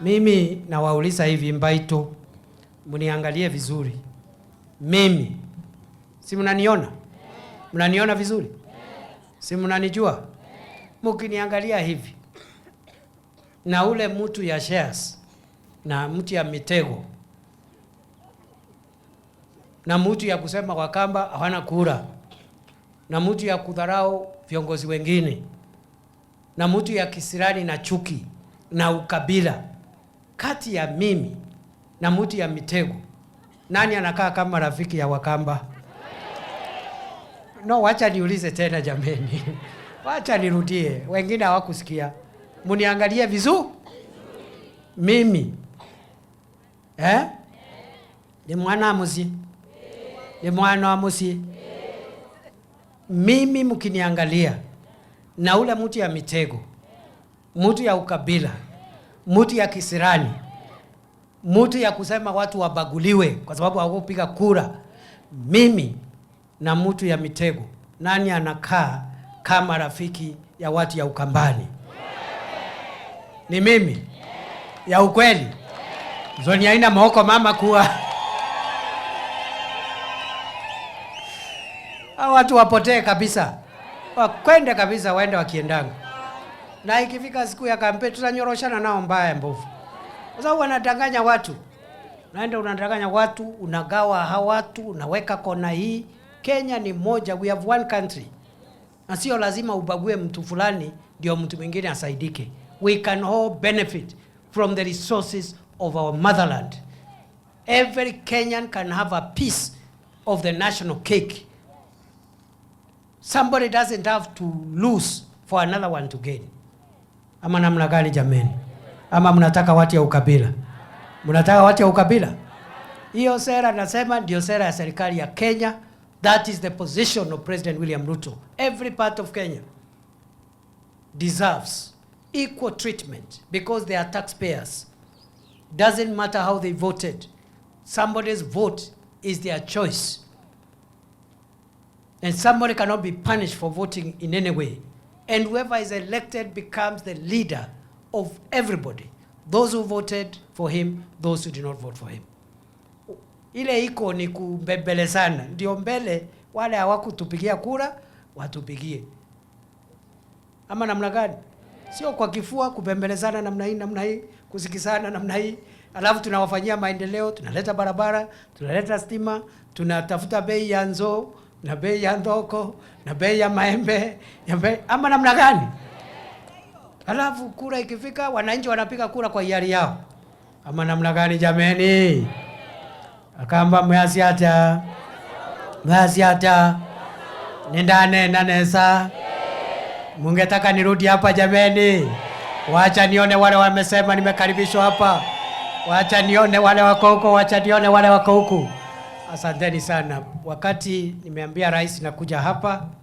Mimi nawauliza hivi Mbaito, mniangalie vizuri. Mimi si mnaniona? Mnaniona vizuri? Si mnanijua? Mkiniangalia hivi na ule mtu ya shares na mtu ya mitego na mtu ya kusema wakamba hawana kura na mtu ya kudharau viongozi wengine na mtu ya kisirani na chuki na ukabila kati ya mimi na muti ya mitego, nani anakaa kama rafiki ya Wakamba? No, wacha niulize tena jameni, wacha nirudie, wengine hawakusikia. Muniangalie vizuri, mimi eh? Ni mwana wa musi, ni mwana wa musi. Mimi mkiniangalia na ule muti ya mitego, mutu ya ukabila mtu ya kisirani, mtu ya kusema watu wabaguliwe kwa sababu hawakupiga kura. Mimi na mtu ya mitego, nani anakaa kama rafiki ya watu ya Ukambani? Ni mimi ya ukweli zoni haina maoko mama kuwa hawa watu wapotee kabisa, wakwende kabisa, waende wakiendanga na ikifika siku ya kampeni tutanyoroshana nao mbaya mbovu, kwa sababu wanadanganya watu. Naenda unadanganya watu, unagawa hawa watu, unaweka kona hii. Kenya ni moja, we have one country, na sio lazima ubague mtu fulani ndio mtu mwingine asaidike. We can all benefit from the resources of our motherland. Every Kenyan can have a piece of the national cake. Somebody doesn't have to lose for another one to gain ama namna gani jameni? Ama mnataka watu ya ukabila? Mnataka watu ya ukabila? Hiyo sera nasema ndio sera ya serikali ya Kenya. That is the position of President William Ruto. Every part of Kenya deserves equal treatment because they are taxpayers. Doesn't matter how they voted. Somebody's vote is their choice. And somebody cannot be punished for voting in any way and whoever is elected becomes the leader of everybody, those who voted for him, those who did not vote for him. Ile iko ni sana ndio mbele wale hawakutupigia kura watupigie, ama namna gani? Sio kwa kifua, kubembelezana namna hii namna hii, kusikizana namna hii, alafu tunawafanyia maendeleo, tunaleta barabara, tunaleta stima, tunatafuta bei ya nzoo na bei ya ndoko na bei ya maembe ya bei ama namna gani? Alafu kura ikifika, wananchi wanapiga kura kwa hiari yao ama namna gani? Jameni, akamba mwasiata mwasiata nindane nanesa. Mungetaka nirudi hapa jameni? Wacha nione wale wamesema nimekaribishwa hapa, wacha nione wale wako huko, wacha nione wale wako huku. Asanteni sana. Wakati nimeambia rais nakuja hapa